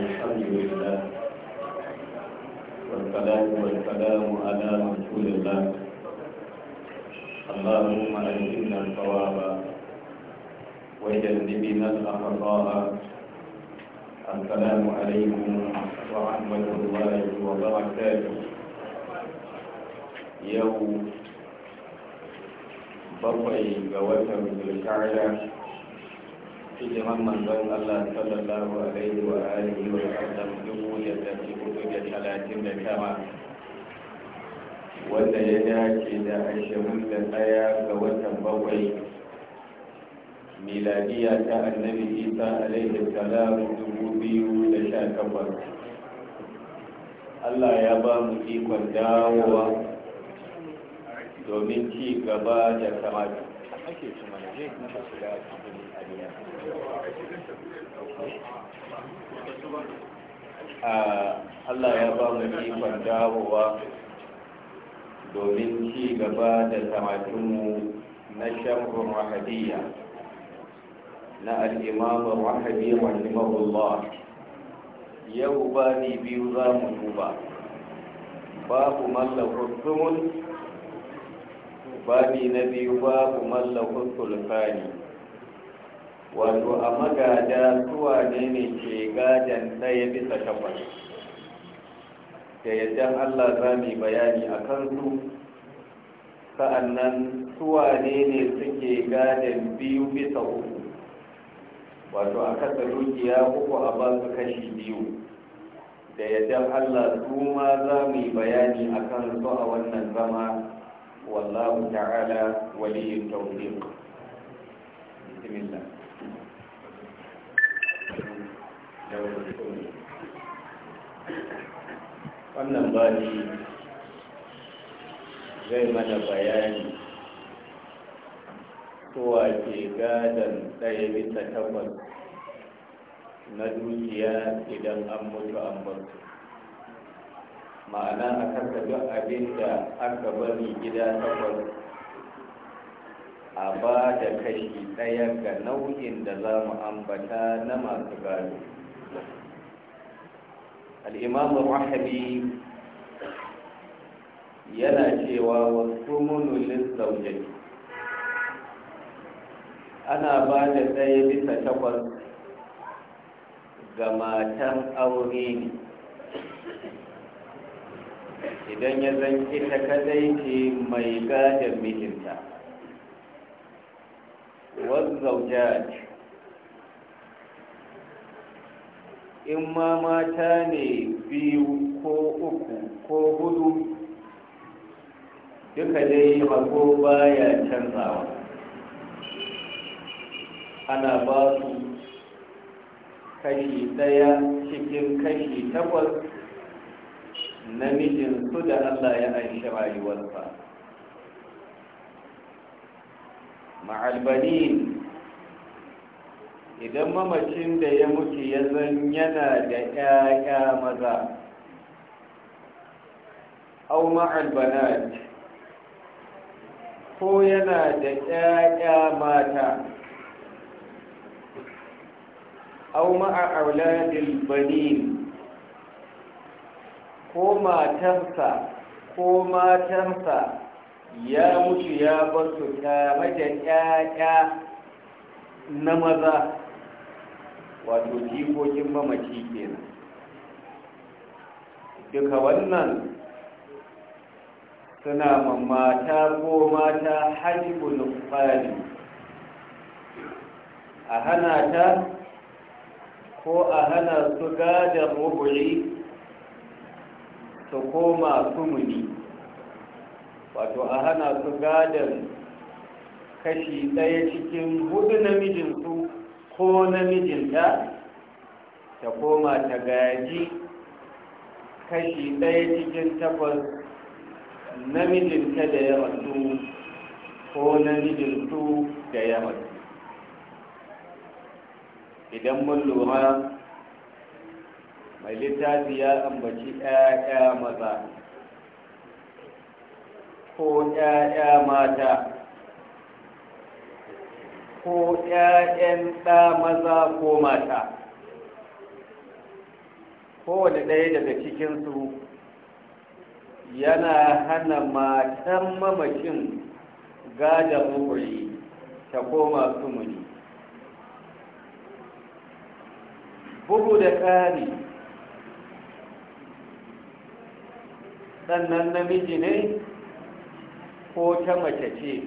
الحمد لله والصلاة والسلام على رسول الله اللهم ألهمنا الصواب وجنبنا الأخطاء السلام عليكم ورحمة الله وبركاته يوم بطل وتر الكعبة hijiran manzon Allah sallallahu alaihi wa alihi wa sallam dubu yadda ke hudu da talatin da tara wanda ya dace da ashirin da ɗaya ga watan bakwai miladiya ta annabi isa alaihi salam dubu biyu da sha takwas Allah ya ba mu ikon dawowa domin ci gaba da kamata Allah ya ba mu ikon dawowa domin ci gaba da kamatinmu na shamrun Wahadiyya na al'imamun rahadi rahimahullah yau ba ni biyu za mu duba babu mallakar ba babi na biyu babu mallakar sulfani wato a magada suwa ne ne ke gadan ɗaya bisa takwas da yadda allah za mu bayani a kansu sa'annan suwa ne ne suke gadan biyu bisa uku wato a kasa dukiya uku a ba su kashi biyu da yadda allah su ma za mu bayani a kansu a wannan zama wallahu ta'ala waliyin التوفيق بسم wannan bani zai mana bayani kowa ke gadon ɗaya bisa takwas na dukiya idan an mutu an mutu ma'ana a kasa duk abin da aka bari gida takwas a ba da kashi ɗaya ga nau'in da za mu ambata na masu gado الإمام الرحبي yana cewa wasu munulis zaujani ana ba da ɗaya bisa takwas ga matan aure ne idan ya zan ita kadai ce mai gadon mijinta wasu zaujani in ma mata ne biyu ko uku ko hudu duka dai mako baya canzawa ana ba su kashi daya cikin kashi takwas su da allah ya aishi rayuwarsa ma'albanin idan mamacin da ya mutu ya zan yana da ƴaƴa maza au ma'al banat ko yana da ƴaƴa mata au ma'a auladil banin ko matansa ko matansa ya mutu ya basu tare da ƴaƴa na maza wato jikokin mamaci kenan duka wannan suna mata ko mata hajjibul fari a hana ta ko a hana su gadar ruburi su koma sumuni wato a hana su gadar kashi ɗaya cikin hudu namijinsu ko namijinta ta koma ta gaji kashi ɗaya cikin takwas namijinta da ya rasu ko namijinsu da ya rasu idan mun lura mai littafi ya ambaci 'ya'ya maza ko 'ya'ya mata ko ‘ya'yan ɗa maza ko mata kowane ɗaya daga cikinsu yana hana matan mamacin gada muri ta koma muni. bugu da ƙari sannan namiji ne ko ta mace ce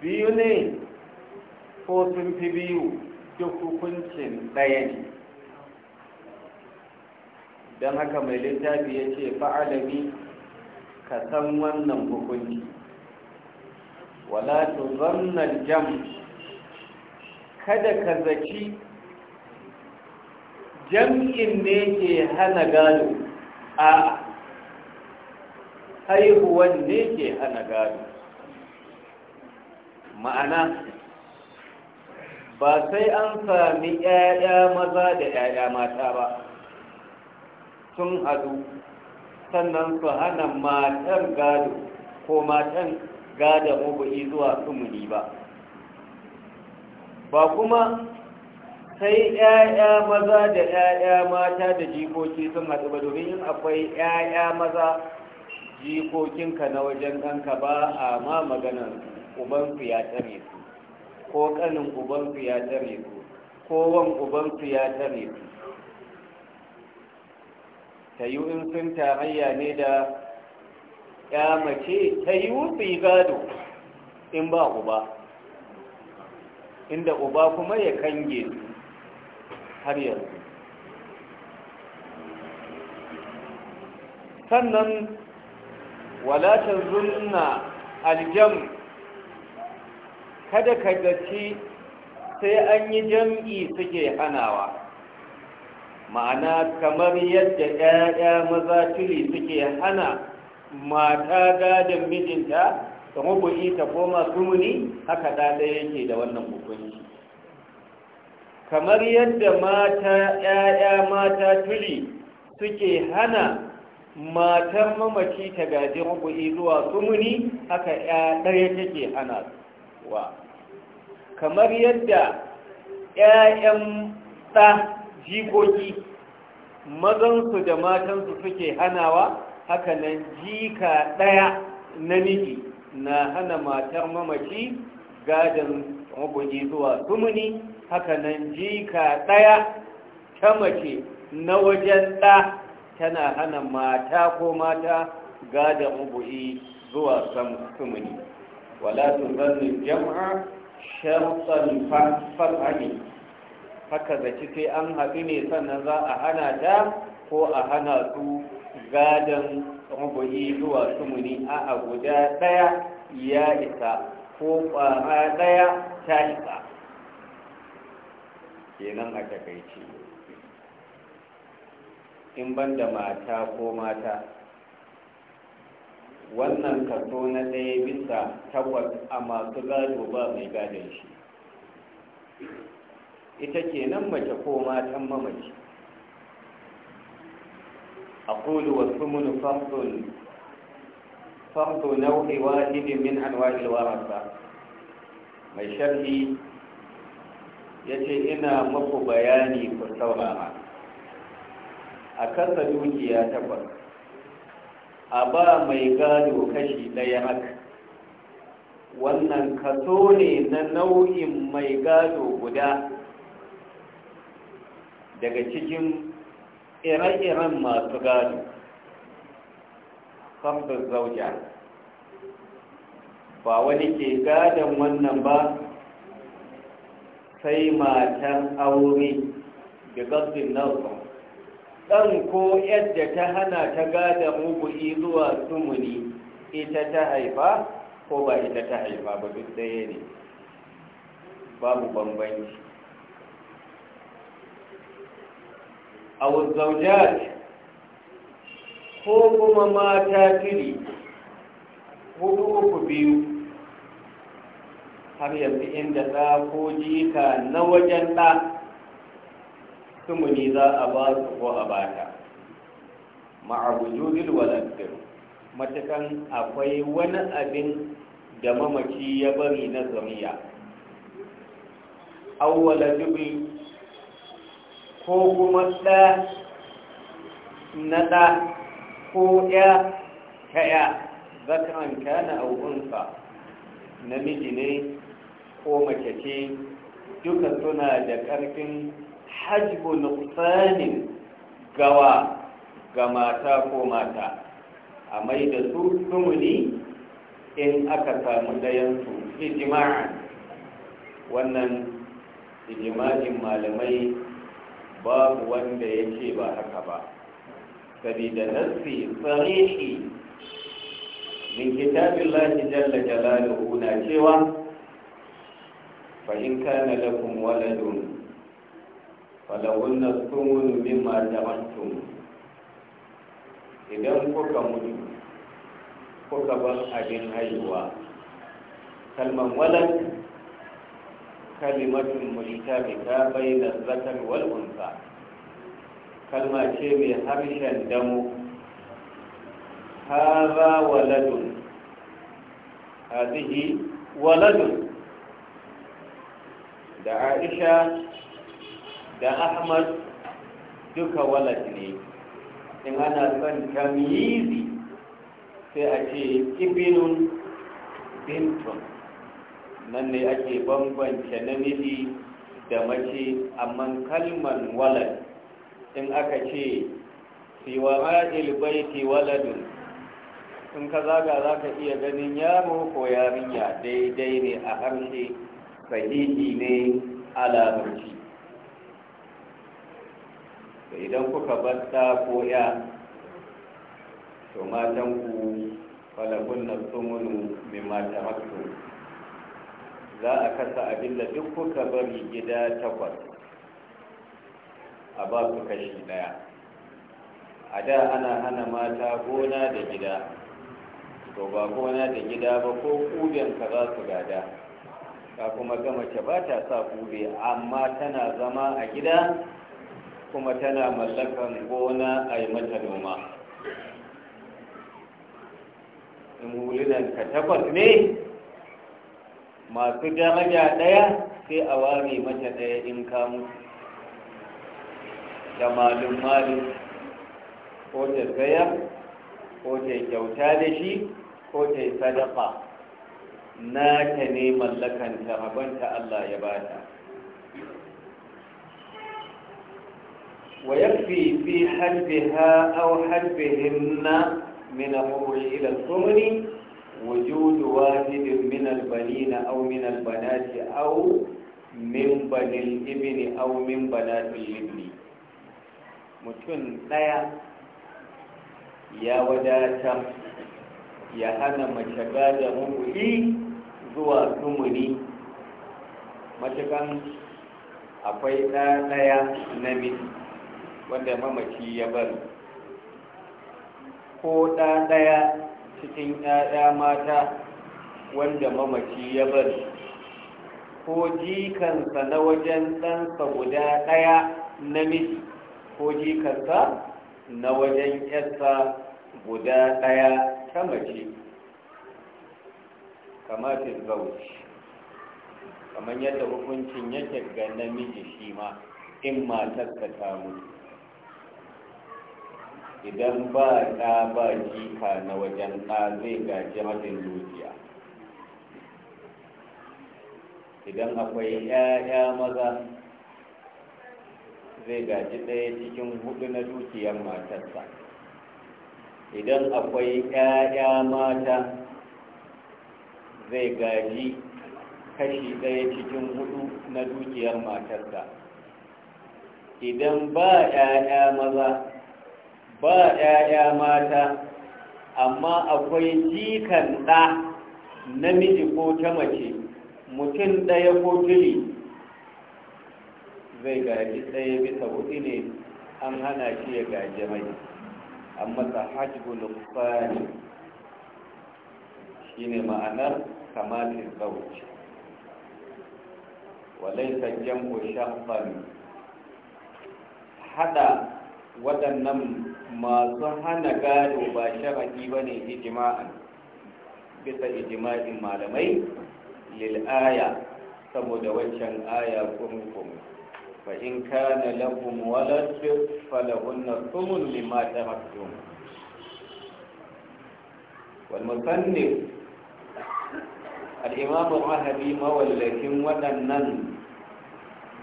biyu ne ko sun fi biyu duk hukuncin ɗaya ne don haka mai littafi ya ce fa'alami ka san wannan hukunci wala zannan jam kada ka zaci jam'in ne ke hana gado a haihuwan ne ke hana gado ma'ana ba sai an sami ‘ya'ya maza da ‘ya'ya mata ba sun hadu sannan su hana matan gado ko matan gada mubu'i zuwa sumuni ba ba kuma sai ‘ya'ya maza da ‘ya'ya mata da jikoki sun haɗu ba domin yin akwai ‘ya'ya maza jikokinka na wajen ɗanka ba a ma maganar ubansu ya tsare su ko kanin ubanku ya tare su, ko wan ya tare su ta yi in sun tarayya ne da ya mace ta yi wutsi gado in ba uba inda uba kuma ya kange su har yanzu sannan wala zunna aljam kada ka gaci sai an yi jam'i suke hanawa ma'ana kamar yadda 'ya'ya maza tuli suke hana mata gadon mijinta ta mabuɗi ta koma sumuni haka ɗaɗa yake da wannan hukunci kamar yadda mata 'ya'ya mata tuli suke hana matar mamaci ta gaji mabuɗi zuwa sumuni haka ɗaya take hana su wa kamar yadda 'ya'yan ɗa jikoki mazansu da matansu suke hanawa hakanan jika ɗaya na miji na hana matar mamaci gadon maguji zuwa sumuni hakanan jika ɗaya ta mace na wajen ɗa tana hana mata ko mata gadon maguji zuwa sumuni ولا تظن الجمع شرط الفتح haka zaci sai an haɗu ne sannan za a hana ta ko a hana su gadon rubuhi zuwa sumuni a guda ɗaya ya isa ko ƙwara ɗaya ta isa kenan a takaici in ban da mata ko mata wannan kaso na ɗaya bisa takwas a masu gado ba mai gadon shi ita ke nan mace ko matan mamaci a kudu wasu munu fardo nau'i wahidin min anwa'il warasa mai sharhi ya ce ina maku bayani ku saurara a kasa dukiya takwas a ba mai gado kashi ɗaya haka wannan kaso ne na nau'in mai gado guda daga cikin ire-iren masu gado sabbin zauja ba wani ke gadon wannan ba sai matan aure da gasbin nau'in ɗan ko yadda ta hana ta gada mugu'i zuwa sumuni ita ta haifa ko ba ita ta haifa ba duk ɗaya ne babu bambanci a ko kuma mata tiri hudu uku biyu har yanzu inda za ko jika na wajen ɗa tumuni za a ba su ko a bata ma'abujudil waladdin matakan akwai wani abin da mamaci ya bari na zuriya awwala dubi ko kuma ɗa na ɗa ko ya ta zakaran kana au'unsa namiji ne ko mace ce duka suna da ƙarfin hajbu nuqsanin gawa ga mata ko mata a mai da su tumuni in aka samu ɗayansu ijima'a wannan ijima'in malamai babu wanda ya ce ba haka ba sabida nassi tsarihi min kitabin jalla jalaluhu na cewa fa in kana lakum waladun falahun na tumunu mimma damantum idan kuka mutu kuka bar abin haihuwa kalman walad kalimatun mushtabika bainaz zakar wal unsa kalma ce mai harshen damu. haza waladun hadihi waladun da aisha da ahmad duka walad ne in ana son tamizi sai a ce ibinun bintun nan ne ake bambance namiji da mace amma kalman walad in aka ce siwa ma'il baiti waladun in ka zaga za ka iya ganin yaro ko yarinya daidai ne a harshe sahihi ne a larabci da idan kuka batta ko ya to ku falakun na tsumunu mai mata haktu za a kasa abin da duk kuka bari gida takwas a ba su kashi daya a da ana hana mata gona da gida to ba gona da gida ba ko kubenka za su gada ka kuma ga mace ba ta sa kube amma tana zama a gida kuma tana mallakan gona a yi mata noma in ka takwas ne masu daraja ɗaya sai a ware mata ɗaya in ka da malin malin ko ta tsayar ko ta kyauta da shi ko ta sadaka na ta ne mallakan ta Allah ya bata ويكفي في حلبها أو حلبهن من الربع إلى الثمن وجود واحد من البنين أو من البنات أو من بني الإبن أو من بنات الإبن متون لا يا وداتا يا ya ما mace gada زوى zuwa ما matukan akwai ɗaya namiji wanda mamaci ya bari ko ɗa ɗaya cikin ɗaya mata wanda mamaci ya bari ko jikansa na wajen ɗansa guda ɗaya namiji ko jikansa na wajen ‘yarsa guda ɗaya ta mace kamatin zauci kamar yadda hukuncin yake ga namiji shi ma in matarsa ta mutu idan ba ɗa ba jika na wajen ɗa zai gaji rabin dukiya idan akwai ‘ya'ya maza zai gaji ɗaya cikin hudu na dukiyar matarsa idan akwai ‘ya'ya mata zai gaji kashi ɗaya cikin hudu na dukiyar matarsa idan ba ‘ya'ya maza ba ‘ya'ya mata amma akwai jikan ɗa namiji ko ta mace mutum ɗaya ko tuli zai gaji ɗaya bisa hudu ne an hana shi ya gaji mai an masa hajjul fari shi ne ma'anar kamatin zauci walai sajjan ku shafan hada waɗannan masu hana gado ba sharaɗi ba ne ijima'an bisa ijima'in malamai lil'aya saboda waccan aya kurkun fa in kana na walad falahunna falahun na taraktum wal musannif al al’imamun al mawallakin waɗannan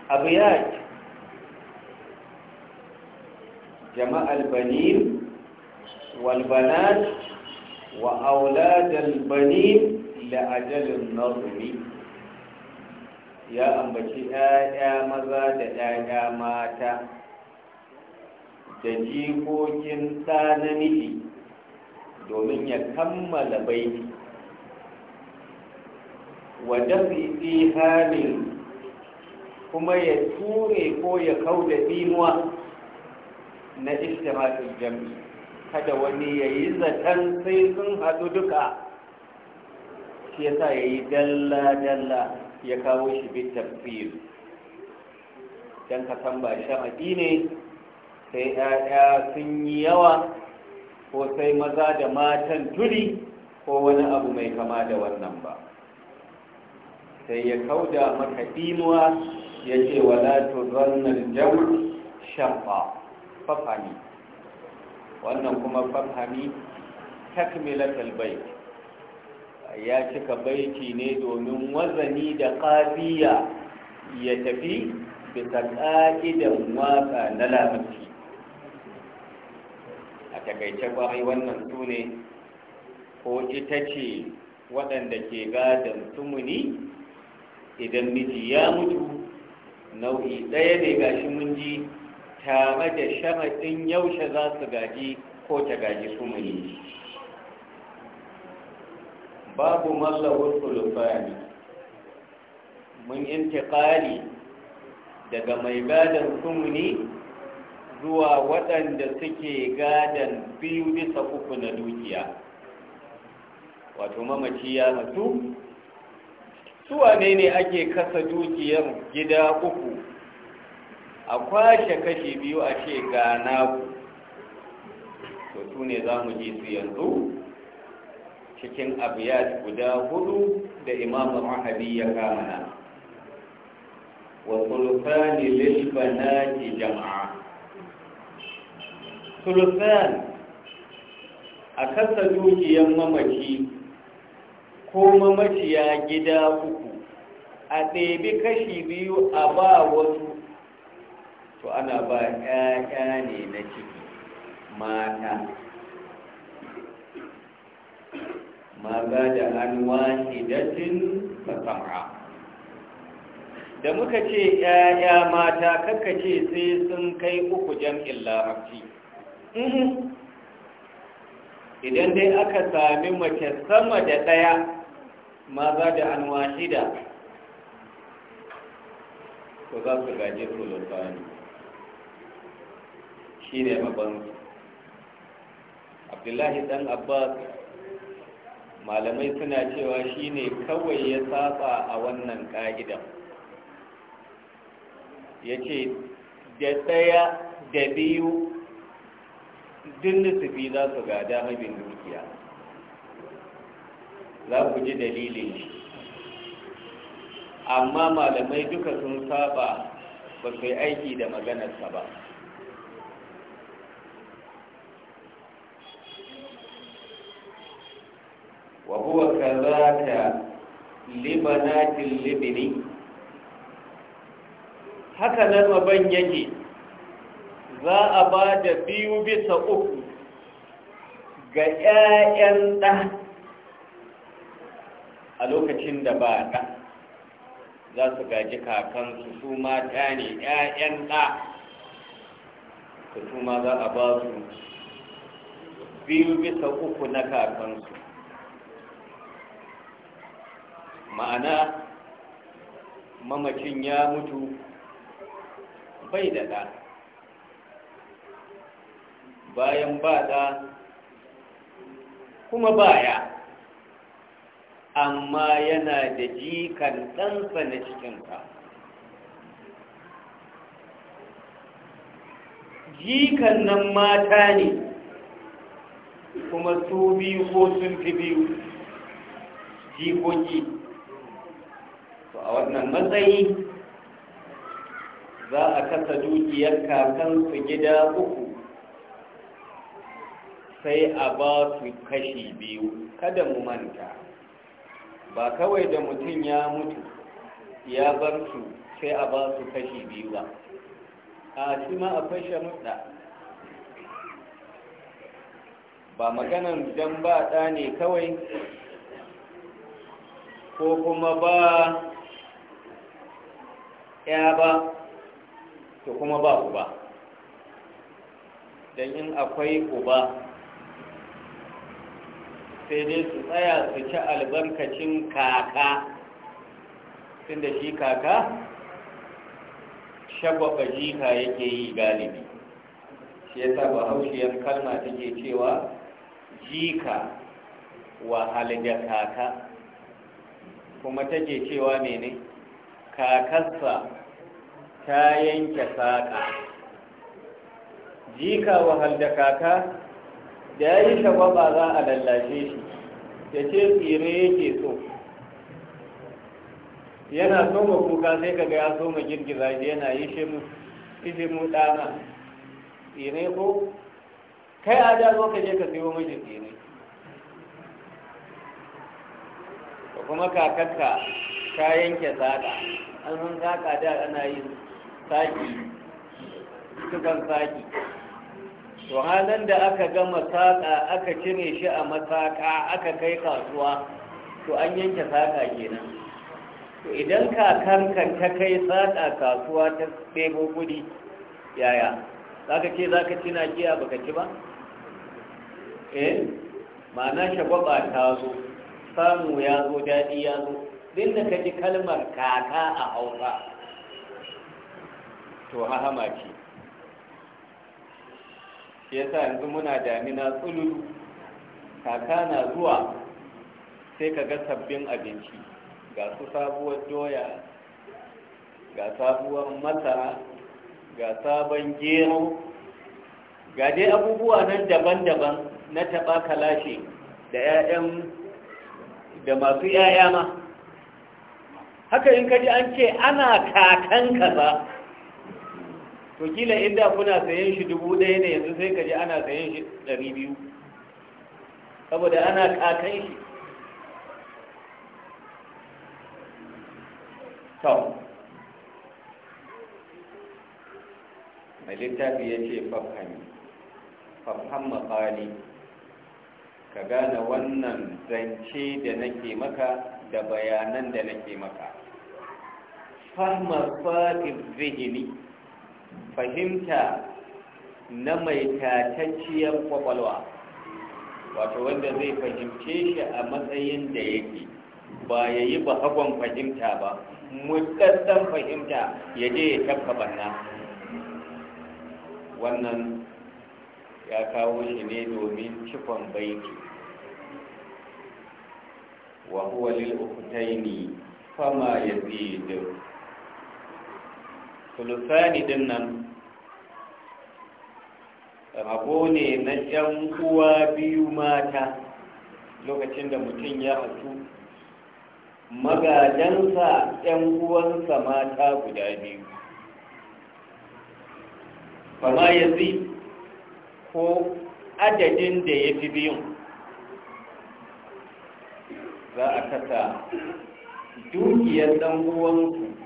abiyat جمع البنين والبنات وأولاد البنين لأجل النظم ya ambaci ‘ya'ya maza da ‘ya'ya mata da jikokin ɗa namiji domin ya kammala baiti wadda fi halin kuma ya ture ko ya kau da ɗinuwa na ishtimatul jam'i kada wani ya yi zaton sai sun haɗu duka shi ya sa ya yi dalla-dalla ya kawo shi bi tafsir don ka san ba sharaɗi ne sai ‘ya'ya sun yi yawa ko sai maza da matan turi ko wani abu mai kama da wannan ba sai ya kauda maka inuwa ya ce wala tuzannar jam'u shafa fafani wannan kuma fafani takmilatul bait ya cika bayti ne domin wazani da qadiya ya tafi bisa ka'idan waqa na lamarci a takaice kwarai wannan sune, ko ita ce waɗanda ke gadon tumuni idan miji ya mutu nau'i ɗaya ne gashi mun ji tare da sharaɗin yaushe za su gaji ko ta gaji su mani babu mallawar sulufani mun intiƙali daga mai gadon sumuni zuwa waɗanda suke gadon biyu bisa uku na dukiya wato mamaci ya rasu suwa ne ne ake kasa dukiyar gida uku a kwashe kashi biyu a ce ga naku to su ne za mu ji su yanzu cikin abiyat guda hudu da imamu rahabi ya kama na wa sulusani jama'a sulusan a kasa dukiyar mamaci ko mamaciya gida uku a ɗebi kashi biyu a ba wasu to ana ba ƴaƴa ne na ciki mata maza da an wahidatin fasam'a da muka ce ƴaƴa mata kakka ce sai sun kai uku jam'in larabci idan dai aka sami mace sama da ɗaya maza da an wahida ko za su gaje sulufani Shi ne mabangi abdullahi dan abbas malamai suna cewa shi ne kawai ya saba a wannan ka'idan ya ce da ɗaya da biyu duk nufi za su gada damabin dukiya za ku ji dalilin amma malamai duka sun saba ba su yi aiki da maganarsa ba wa huwa kazaka libanatin libini haka nan maban yake za a ba da biyu bisa uku ga 'ya'yan ɗa a lokacin da ba ɗa za su gaji kakansu su mata ne 'ya'yan ɗa su ma za a ba su biyu bisa uku na kakansu ma'ana mamacin ya mutu bai da ɗa bayan ba ɗa kuma baya amma yana da jikan ɗansa na cikinka jikan nan mata ne kuma su biyu ko sun fi biyu jikoki a wannan matsayi za a kasa dukiyar kakansu gida uku sai a ba su kashi biyu kada mu manta ba kawai da mutum ya mutu ya bar su sai a ba su kashi biyu ba a shi ma fashe sharuɗa ba maganan don ba ɗa ne kawai ko kuma ba ya ba to kuma ba uba don in akwai uba sai dai su tsaya su ci albarkacin kaka tun da shi kaka shagwaba jika yake yi galibi shi ya saba haushiyar kalma take cewa jika wahalga kaka kuma take cewa ne kakarsa ta yanke saƙa jika wahal da kaka da ya yi shagwaba za a lallashe shi ya ce tsire yake so yana soma kuka sai kaga ya soma girgiza shi yana yi shimu mu ɗana tsire ko kai a da zo ka je ka siyo miji tsire kuma kakakka ta yanke saƙa an san zaƙa da ana yi saki sukan saki to halin da aka gama masaka aka cire shi a masaka aka kai kasuwa to an yanke saka kenan to idan kakanka ta kai saka kasuwa ta ɗebo kudi, yaya za ka ce za ka ci najiya ba ka ci ba? eh ma'ana ba ta zo samu ya zo daɗi ya zo din da ka ji kalmar kaka a hausa to hahama ce shi yasa yanzu muna damina tsulul kaka na zuwa sai ka ga sabbin abinci ga su sabuwar doya ga sabuwar masara ga sabon gero ga dai abubuwa nan daban-daban na taɓa kalashe da 'ya'yan da masu 'ya'ya ma haka in kaji an ce ana kakan kaza to kila inda kuna sayen shi dubu ɗaya ne yanzu sai kaje ana sayen shi ɗari biyu saboda ana kakan shi to mai littafi ya ce fafhami fafhan maƙali ka gane wannan zance da nake maka da bayanan da nake maka fahimar fa'ib zihini fahimta na mai tatacciyar kwakwalwa wato wanda zai fahimce shi a matsayin da yake ba ya yi ba hagon fahimta ba mutattan fahimta ya je ya tafka banna wannan ya kawo shi ne domin cikon baiki wa huwa lil uktaini fama yazidu kulusani din nan rabo ne na 'yan uwa biyu mata lokacin da mutum ya hasu. magadansa 'yan uwansa mata guda biyu kama ya ko adadin da ya fi biyun za a kasa dukiyar ɗan uwansu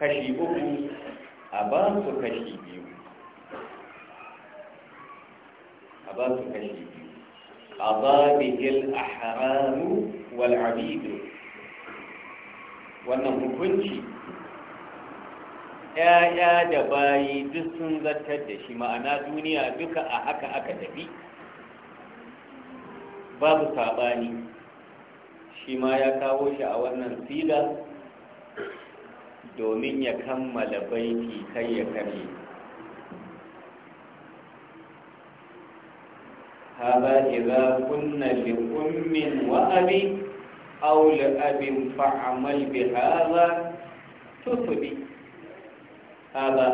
kashi uku a ba su kashi biyu a ba su kashi biyu a ba bihil a haramu wal'abidu wannan hukunci ‘ya'ya da bayi duk sun zartar da shi ma'ana duniya duka a haka aka tafi babu saɓani shi ma ya kawo shi a wannan sila domin ya kammala baiti kai ya kare هذا إذا كنا a abin abin لأب bi بهذا تصبي هذا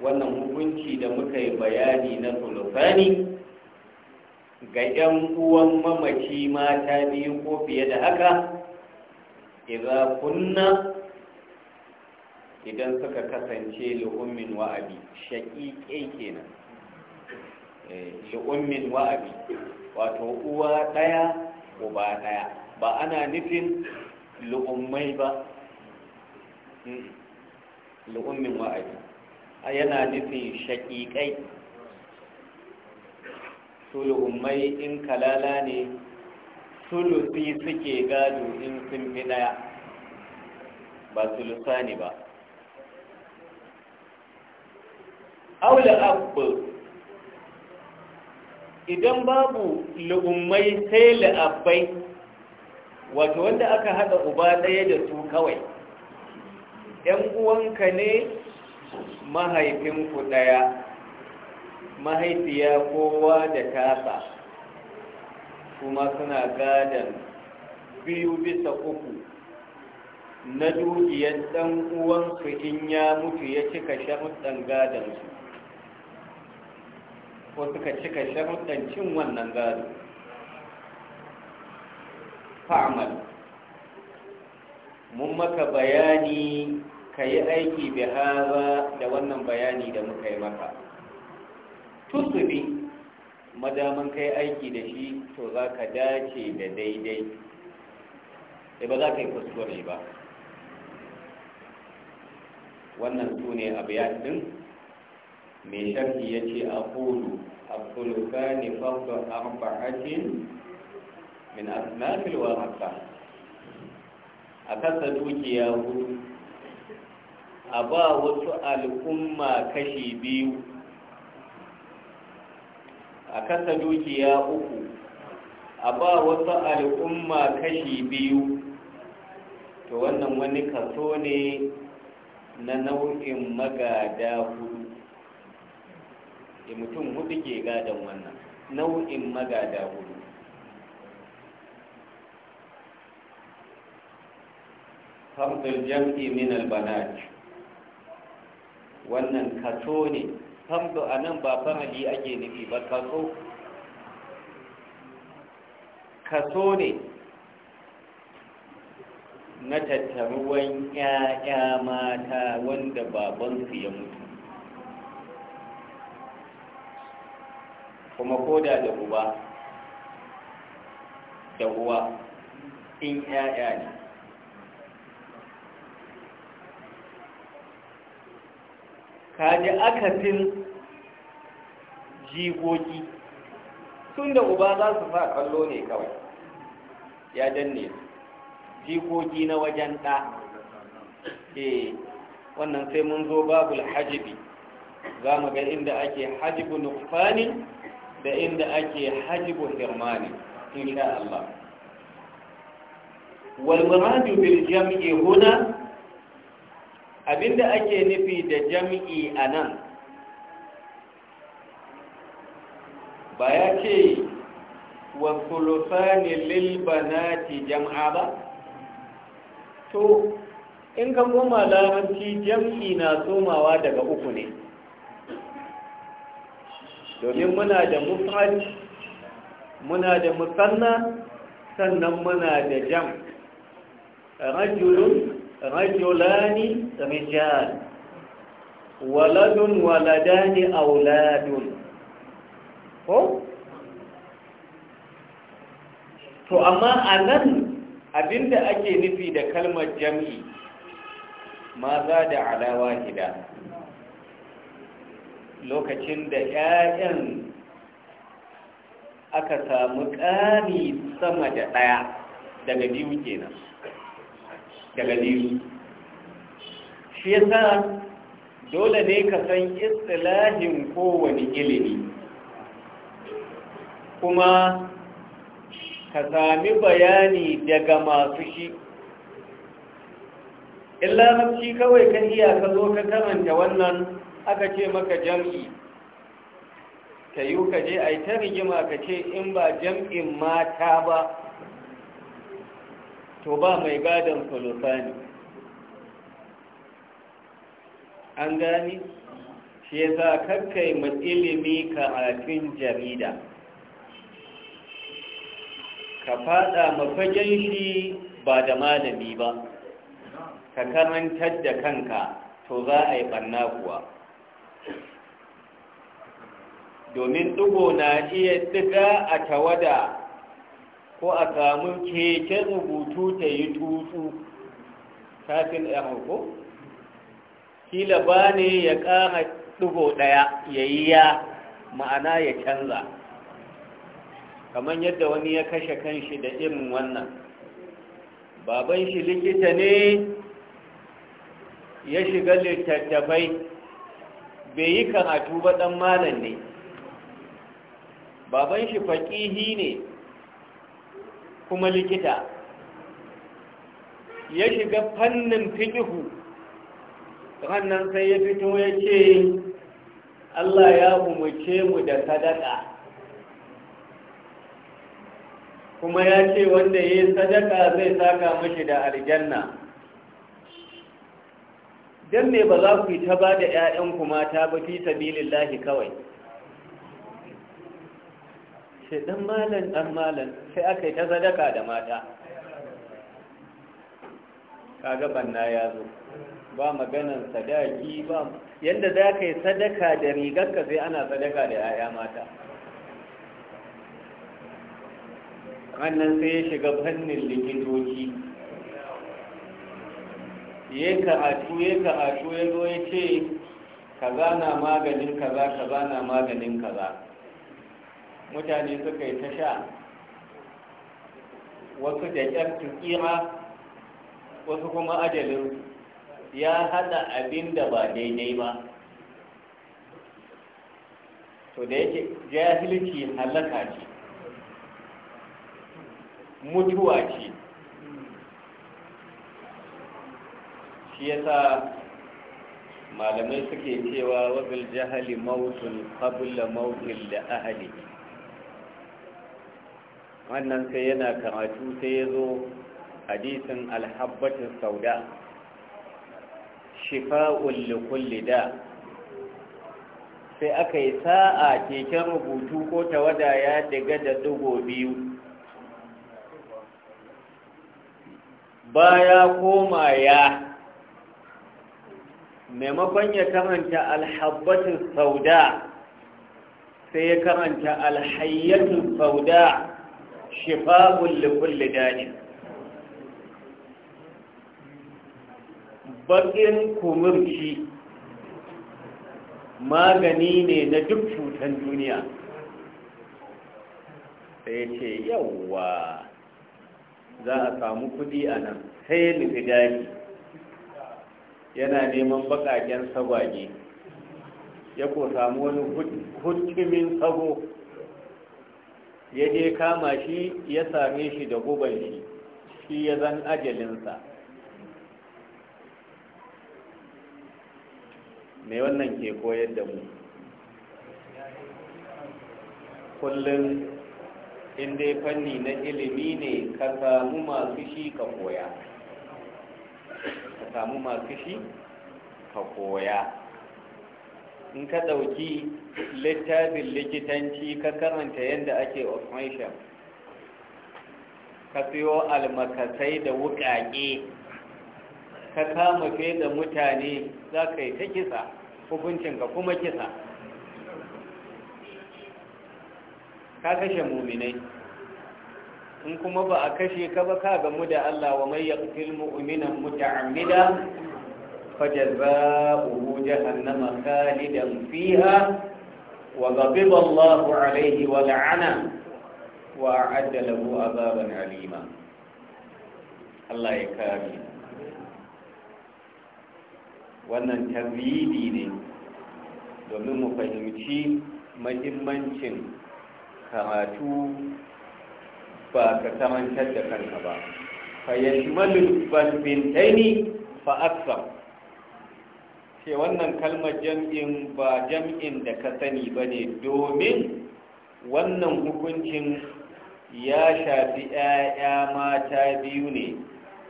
wannan hukunci da muka yi bayani na sulufani ga 'yan uwan mamaci mata biyu ko fiye da haka idza kunna idan suka kasance lu'ummin wa'abi shaqiqai kenan lu'ummin wa'abi wato uwa daya uba daya ba ana nufin lu'ummai ba lu'ummin wa'abi yana nufin shaqiqai su lu'ummai in kalala ne sulusi suke gado in sun fi ɗaya ba sulusa ne ba aula abu idan babu lu'ummai sai la'abbai wato wanda aka haɗa uba ɗaya da su kawai ‘yan uwanka ne mahaifinku ɗaya mahaifiya kowa da tasa kuma suna gadon biyu bisa uku na dukiyar ɗan uwansu in ya mutu ya cika sharuɗan su, ko suka cika sharuɗan cin wannan gado fa'amal mun maka bayani ka yi aiki bihara da wannan bayani da muka yi maka tusubi madaman kai aiki da shi to za ka dace da daidai e ba za ka yi kusurwa ba wannan su ne abu ya mai shafi ya ce a hulu a kuluka ne a arba'atin min asnafil haka a kasa dukiya hudu a ba wasu al'umma kashi biyu a kasa dukiya uku a ba wasu al'umma kashi biyu to wannan wani kaso ne na nau'in magada hudu da eh, mutum hudu ke gadon wannan nau'in magada hudu famtar jam'i min albanaj wannan kaso ne famdo a nan ba famali ake nufi ba kaso kaso ne na tattaruwan 'ya'ya mata wanda babansu ya mutu kuma koda da uba da uwa in 'ya'ya ne kaji akasin jikoki tun da uba za su sa kallo ne kawai ya danne su jikoki na wajen ɗa e wannan sai mun zo babul hajibi za mu ga inda ake hajibu nufani da inda ake hajibu in sha Allah wal bil jam'i huna abinda ake nufi da jam'i anan ba ya ce wa sulusani lil banati jam'a ba to in ka goma larabci jam'i na somawa daga uku ne domin muna da mufrad muna da musanna sannan muna da jam rajulun rajulani rijal waladun waladani auladun ko to amma a nan abinda ake nufi da kalmar jam'i ma za da alawa gida lokacin da 'ya'yan aka samu ƙari sama da ɗaya daga biyu kenan daga biyu shi yasa dole ne ka san istilahin kowane ilimi kuma ka sami bayani daga masu shi illa mafi kawai ka iya ka zo ka karanta wannan aka ce maka jam'i ka yi ka je a yi ta rigima ka ce in ba jam'in mata ba to ba mai gadon ne. an gani shi ya za kakkai a karatun jarida ka fada mafajen shi ba da malami ba ka karantar da kanka to za a yi ɓanna kuwa domin ɗugo na iya ɗiga a tawada ko a samu keke rubutu ta yi tutu tafin ko? kila ba ne ya ƙara ɗugo ɗaya ya yi ya ma'ana ya canza kamar yadda wani ya kashe kanshi da irin wannan baban shi likita ne ya shiga littattafai bai yi karatu ba ɗan malam ne baban shi faƙihi ne kuma likita ya shiga fannin fiƙihu rannan sai ya fito ya ce Allah ya umarce mu da sadaka kuma ya ce wanda ya yi sadaka zai saka mashi da aljanna don me ba za ku yi ta ba da 'ya'yanku mata ba fi sabilin lahi kawai sai ɗan malan ɗan malan sai aka yi ta sadaka da mata kaga na ya zo ba maganan sadaki ba yadda za ka yi sadaka da rigarka sai ana sadaka da 'ya'ya mata hannun sai ya shiga fannin likitoci ya karatu ya karatu ya zo ya ce ka na maganin kaza ka na maganin kaza mutane suka yi ta wasu da ƙyar tukira wasu kuma ajalin ya haɗa abin da ba daidai ba to da yake jahilci halaka ce mutuwa ce shi yasa malamai suke cewa wabil jahali mautun qabla mautin da ahali wannan sai yana karatu sai ya zo hadisin alhabbatin sauda shifa'un likulli da sai aka yi sa'a keken rubutu ko tawada ya daga da biyu baya koma ya maimakon ya karanta alhabbatin sauda sai ya karanta alhayyatu sauda shifa'un likulli dani bakin kumurci magani ne na duk cutan duniya sai ce yawwa za a samu kuɗi a nan sai ya nufi daji yana neman baƙaƙen sagwage ya ko samu wani hukimin sago ya je kama shi ya same shi da guban shi shi ya zan ajalinsa mai wannan ke koyar da mu kullum in dai fanni na ilimi ne ka samu masu shi ka koya ka samu masu shi ka koya in ka ɗauki littafin likitanci ka karanta yadda ake operation ka siyo almakasai da wuƙaƙe ka kama da mutane za ka yi ta kisa hukuncinka kuma kisa ka kashe muminai in kuma ba a kashe ka ba ka gamu da Allah wa mai yaqtil mu'mina muta'ammida fajazaohu jahannama khalidan fiha wa ghadiba Allahu alayhi wa la'ana wa a'adda lahu azaban alima Allah ya kare wannan tabbidi ne domin mu fahimci mahimmancin karatu ba ka kamantar da kanka ba fa yashmalul bintaini fa aksar ce wannan kalmar jam'in ba jam'in da ka sani ba ne domin wannan hukuncin ya shafi ‘ya'ya mata biyu ne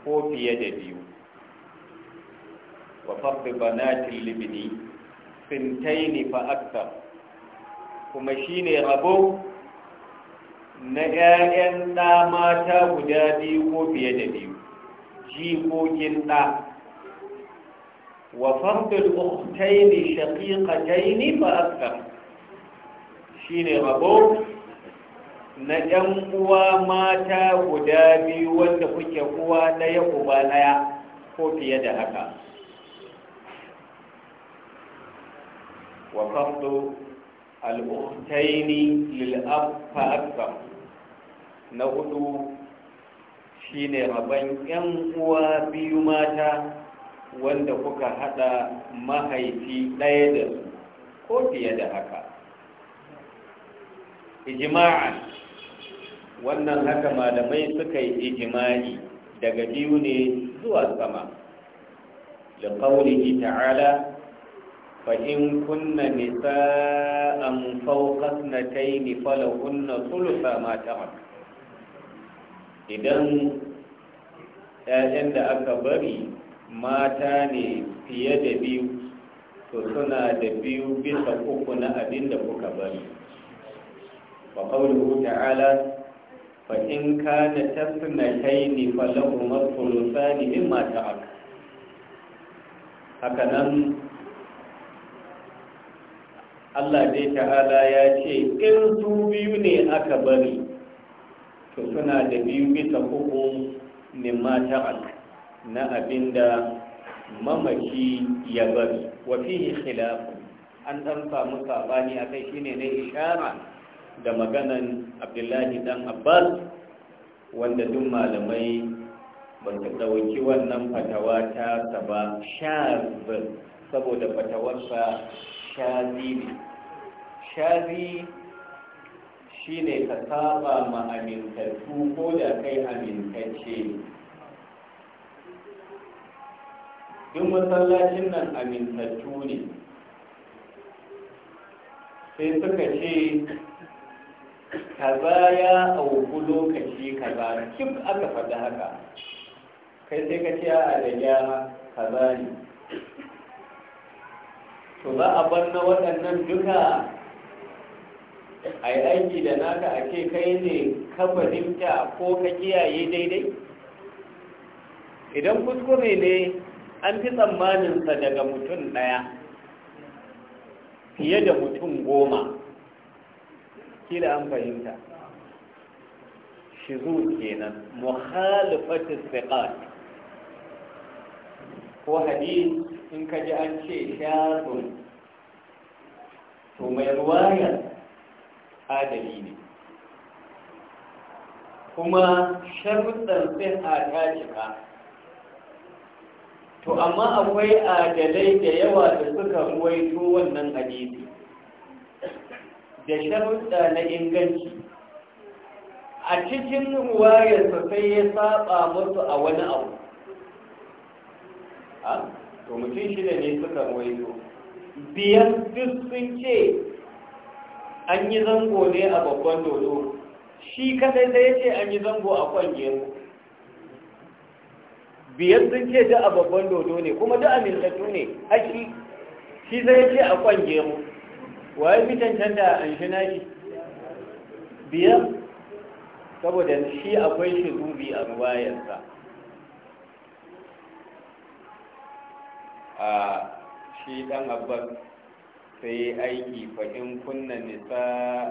ko fiye da biyu wa faɗi banatin libini fintai fa fa'akta kuma shi ne rabo na 'ya'yan ɗa mata guda biyu ko fiye da biyu jikokin ɗa wa fardul ukhtaini shaqiqataini fa akthar shine rabo na 'yan uwa mata guda biyu wanda kuke uwa ɗaya uba ɗaya ko fiye da haka wa fardul al'uktaini lil'ab fa'akbar na hudu shine rabon yan uwa biyu mata wanda kuka hada mahaifi ɗaya da su ko fiye da haka ijma'a wannan haka malamai suka yi ijima'i daga biyu ne zuwa sama da ta'ala فإن كن نساء فوق اثنتين فلهن ثلث ما ترك idan ‘ya'yan da aka bari mata ne fiye da biyu to suna da biyu bisa uku na abin da kuka bari ba ƙaunuhu ta'ala fa in ka tasna tasirnatai ne falahu masu lusani min mata aka haka nan Allah dai ta'ala ya ce in su biyu ne aka bari to suna da biyu bisa uku ne mata na abinda mamaki ya bari wa fihi khilafu an dan samu sabani akai shine ne ishara da maganan Abdullahi dan Abbas wanda duk malamai ba ta dauki wannan fatawa ta ba shaz saboda fatawarsa shazi shine shazi shi ka saba ma amintattu ko da kai amintacce ne duk masallacin nan amintattu ne sai suka ce kaza ya auku lokaci kaza kif aka faɗi haka kai sai ka ce a da kaza ne to za a bar na waɗannan duka a yi aiki da naka a ce kai ne ka fahimta ko ka kiyaye daidai idan kuskure ne an fi tsammaninsa daga mutum ɗaya fiye da mutum goma kila an fahimta shizu kenan muhalifatis fiqat ko hadis in ka ji an ce shafin to mai ruwaya adali ne kuma sai a ta cika to amma akwai adalai da yawa da suka ruwaito wannan hadisi da sharuɗa na inganci a cikin ruwayar sosai ya saba musu a wani abu to mutum shida ne suka waito biyar duk sun ce an yi zango ne a babban dodo shi kadai da ya ce an yi zango a kwangiyar biyar sun ce da a babban dodo ne kuma da amintattu ne aki shi zai ya ce a kwangiyar wa waye fi da an shi nashi biyar saboda shi akwai shi zubi a ruwayarsa a shi dan abbas sai aiki fa'in kunna nisa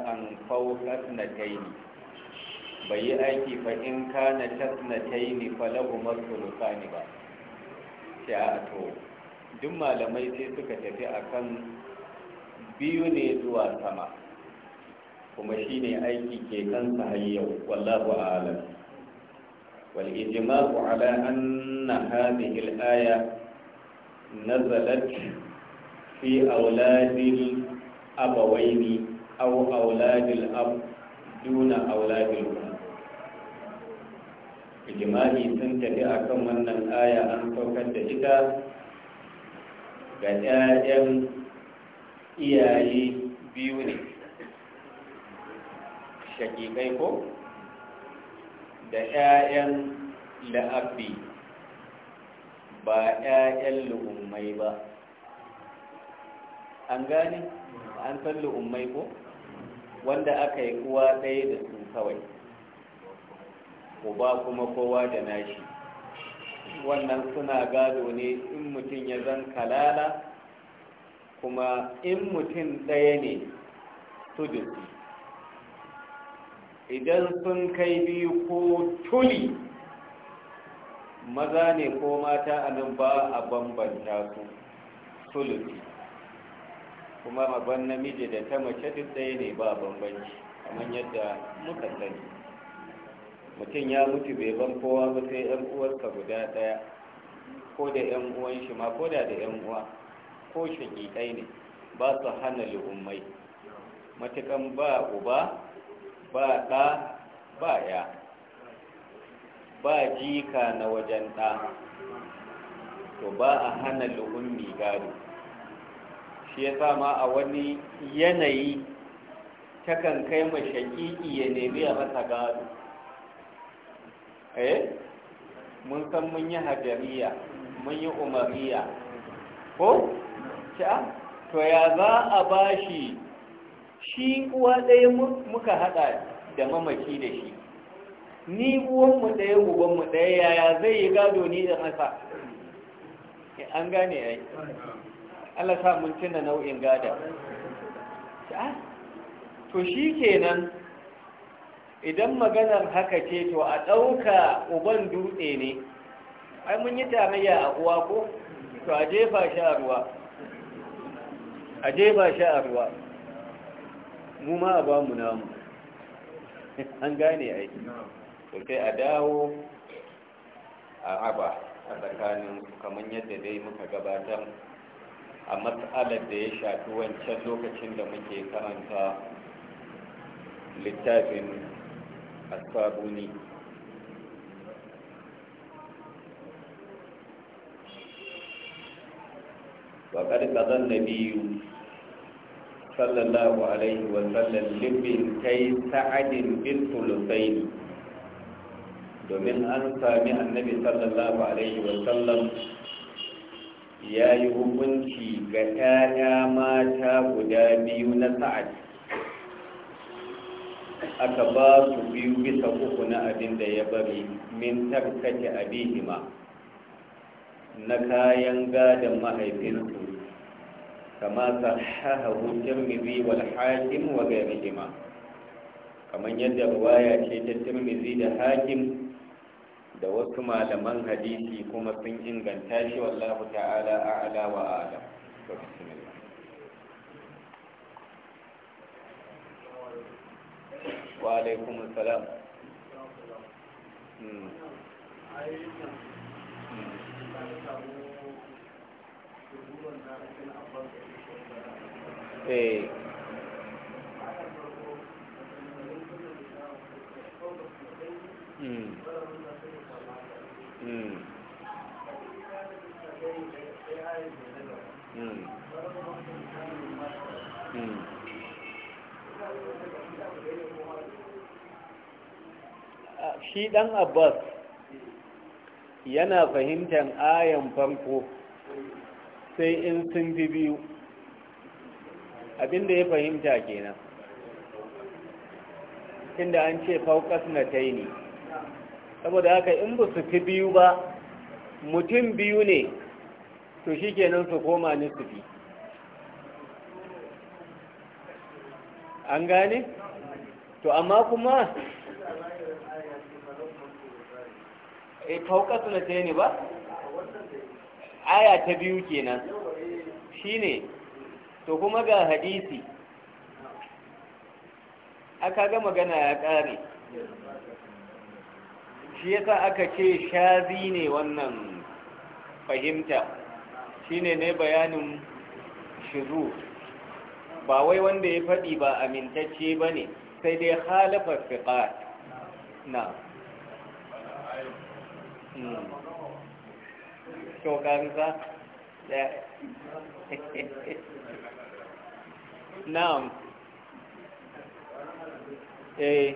an faukas na taini bai yi aiki fa'in ka na tas na taini falahu matsulusani ba Ya to duk malamai sai suka tafi akan biyu ne zuwa sama kuma shi ne aiki ke kansa har yau wallahu alam wal ijma'u ala anna hadhihi al-aya nazalat fi auladil abawaini aw auladil ab duna auladil um Jima'i sun tafi kan wannan aya an saukar da ita ga 'ya'yan iyaye biyu ne shaƙiƙai ko da 'ya'yan la'abbi ba 'ya'yan lu'ummai ba an gane an san lu'ummai ko wanda aka yi uwa ɗaya da su kawai ba kuma kowa da nashi wannan suna gado ne in mutum ya zan kalala kuma in mutum ɗaya ne sudusi idan sun kai biyu ko tuli maza ne ko mata a nan ba a bambanta su sulusi kuma rabon namiji da ta mace duk ɗaya ne ba bambanci kamar yadda muka sani mutum ya mutu bai ban kowa ba sai yan uwarsa guda ɗaya ko da yan uwan shi ma ko da da yan uwa ko shi shagiƙai ne ba su hana lu'ummai matukan ba uba ba ɗa ba ya ba jika na wajen ɗa to ba a hana lu'ummi gado shi ya ma a wani yanayi takan kai mashaƙiƙi ya nemi a masa gado eh mun san mun yi hajjariya mun yi umariya ko? sha to ya za a ba shi Shi kuwa ɗaya muka haɗa da mamaki da shi ni uwanmu ɗaya ubanmu ɗaya yaya zai yi gado ni da masa eh, an gane ya yi Allah sa mun tuna nau'in gada ah, to shi kenan idan maganar haka ce to a ɗauka uban dutse ne ai mun yi tarayya a uwa ko to a jefa shi a ruwa a jefa shi a ruwa mu ma a ba mu namu an gane ya yi. to a dawo a aba a tsakanin kamar yadda dai muka gabata a matsalar da ya shafi wancan lokacin da muke karanta littafin asabuni وقد قضى النبي صلى الله عليه وسلم لبنتي bin بالثلثين domin an sami annabi sallallahu alaihi wasallam ya yi hukunci ga 'ya'ya mata guda biyu na sa'ad aka ba su biyu bisa uku na abin da ya bari min tarkace abihima na kayan gadon mahaifinsu kama sahahu tirmidhi wal hakim wa ghayrihima Kamar yadda riwaya ce ta tirmidhi da hakim da wasu malaman hadisi kuma sun inganta shi wallahu ta'ala a'la wa a'lam to bismillah wa alaikum assalam hmm. Hmm. Eh. shi ɗan abbas yana fahimtar ayan farko sai in sun fi biyu abinda ya fahimta kenan inda an ce faukas na taini saboda haka in ba su fi biyu ba mutum biyu ne to shi kenan su koma nisufi an gane? to amma kuma e eh, fauka suna ta ne ba? aya ta biyu kenan ne to kuma ga hadisi aka ga magana ya ƙare shi yasa aka ce shazi ne wannan fahimta shine ne bayanin shiru. ba wai wanda ya faɗi ba amintacce ba ne sai dai halafar fiƙar na shokansa hmm. na'am eh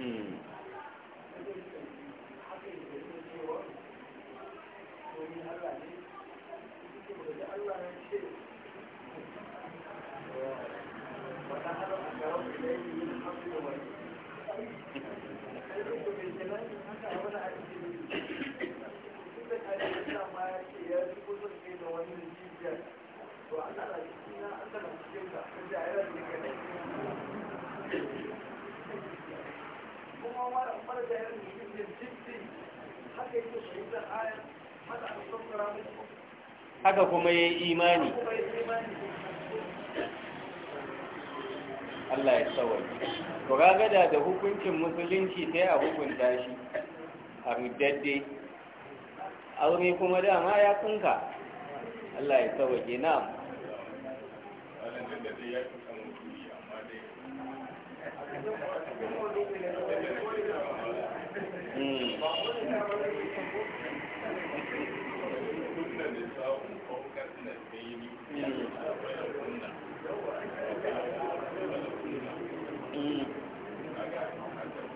Mm. haka kuma ya yi imani Allah ya ragada da hukuncin musulunci sai a hukunta shi a ruddadde aure kuma dama ya kunka Allah ya tsawai na amma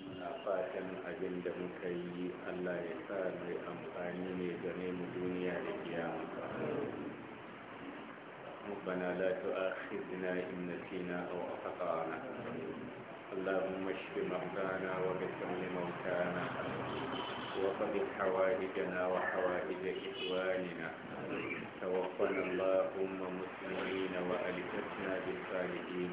muna fatan abin da muka yi allah ya sa mai amfani ne ga mu duniya da biya muka mubana latu a hizina inna fina a wata kawana اللهم اشف مرضانا وبكل موتانا وقد حوائجنا وحوائج اخواننا توفنا اللهم مسلمين والفتنا بالصالحين